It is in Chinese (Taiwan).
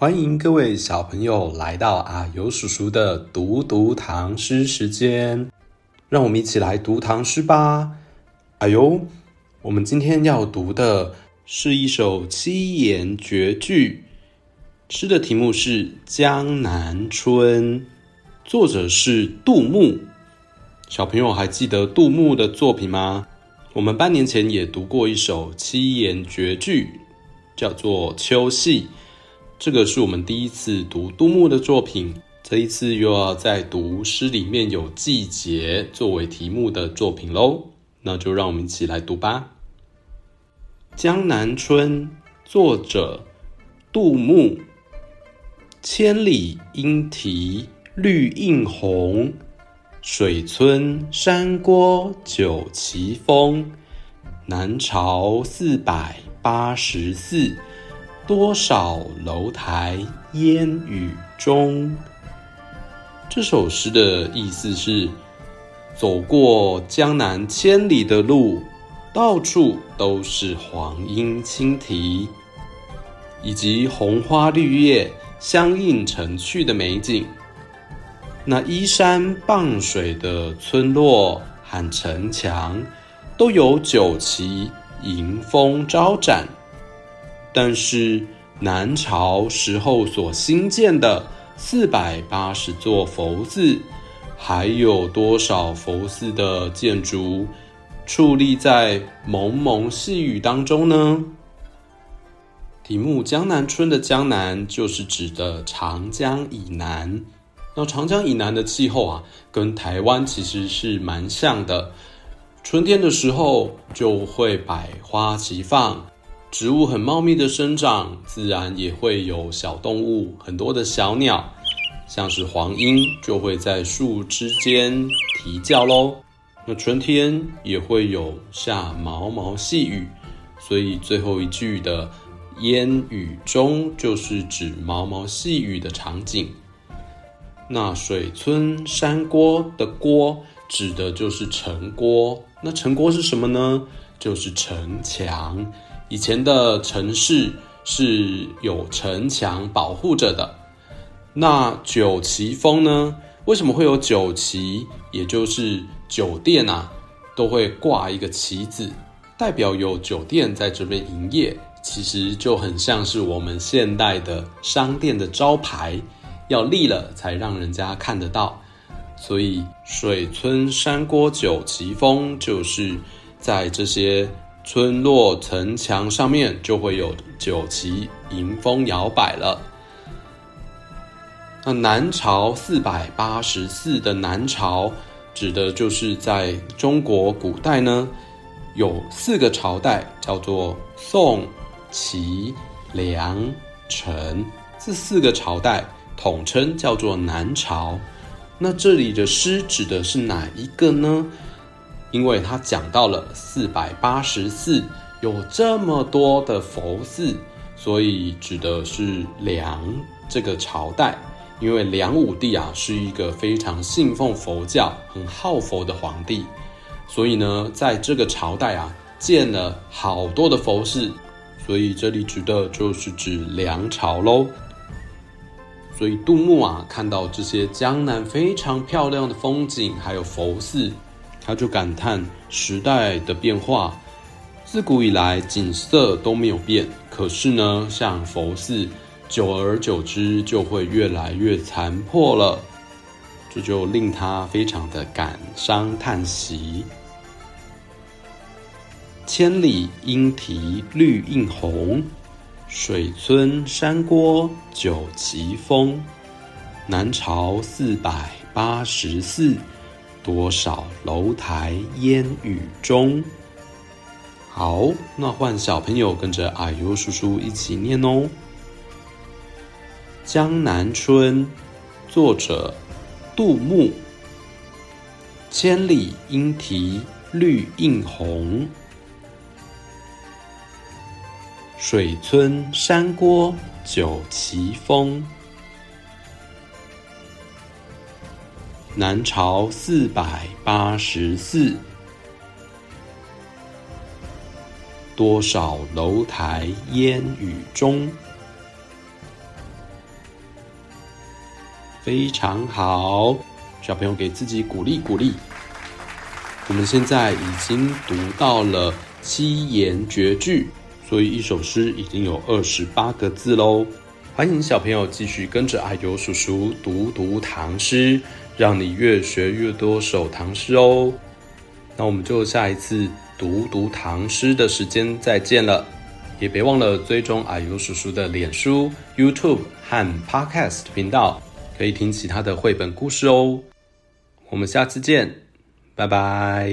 歡迎各位小朋友來到啊呦叔叔的讀讀唐詩時間，讓我們一起來讀唐詩吧。啊呦，我們今天要讀的是一首七言絕句，詩的題目是《江南春》，作者是杜牧。小朋友還記得杜牧的作品嗎？我們半年前也讀過一首七言絕句，叫做《秋夕》。這個是我們第一次讀杜牧的作品，這一次又要再讀詩裡面有季節作為題目的作品嘍。那就讓我們一起來讀吧，《江南春》作者杜牧。千里鶯啼綠映紅，水村山郭酒旗風，南朝四百八十寺。多少樓臺煙雨中？這首詩的意思是：走過江南千里的路，到處都是黃鶯輕啼，以及紅花綠葉相映成趣的美景。那依山傍水的村落和城牆，都有酒旗迎風招展。但是南朝時候所新建的四百八十座佛寺，還有多少佛寺的建築矗立在濛濛細雨當中呢？題目《江南春》的江南就是指的長江以南，那長江以南的氣候啊，跟台灣其實是蠻像的，春天的時候就會百花齊放。植物很茂密的生長，自然也會有小動物，很多的小鳥，像是黃鶯，就會在樹枝間啼叫嘍。那春天也會有下毛毛細雨，所以最後一句的煙雨中就是指毛毛細雨的場景。那水村山郭的郭指的就是城郭，那城郭是什麼呢？就是城牆。以前的城市是有城牆保護着的。那酒旗風呢？為什麼會有酒旗，也就是酒店啊，都會掛一個旗子，代表有酒店在這邊營業，其實就很像是我們現代的商店的招牌，要立了才讓人家看得到。所以水村山郭酒旗風，就是在這些。村落城牆上面就會有酒旗迎風搖擺了。那南朝四百八十寺的南朝，指的就是在中國古代呢，有四個朝代，叫做宋、齊、梁、陳，這四個朝代統稱叫做南朝。那這裡的詩指的是哪一個呢？因為他講到了四百八十寺，有這麼多的佛寺，所以指的是梁這個朝代。因為梁武帝啊是一個非常信奉佛教、很好佛的皇帝，所以呢，在這個朝代啊建了好多的佛寺，所以這裡指的就是指梁朝嘍。所以杜牧啊看到這些江南非常漂亮的風景，還有佛寺。他就感嘆時代的變化，自古以來景色都沒有變，可是呢，像佛寺，久而久之就會越來越殘破了，這就令他非常的感傷嘆息。千里鶯啼綠映紅，水村山郭酒旗風。南朝四百八十寺。多少樓臺煙雨中。好，那換小朋友跟着啊呦叔叔一起念哦。《江南春》作者杜牧，千里鶯啼綠映紅，水村山郭酒旗風。南朝四百八十寺，多少樓臺煙雨中。非常好，小朋友給自己鼓勵鼓勵。我們現在已經讀到了七言絕句，所以一首詩已經有二十八個字嘍。歡迎小朋友繼續跟着啊呦叔叔讀讀唐詩，讓你越學越多首唐詩哦。那我們就下一次讀讀唐詩的時間再見了，也別忘了追蹤啊呦叔叔的臉書、YouTube 和 Podcast 頻道，可以聽其他的繪本故事哦。我們下次見，拜拜。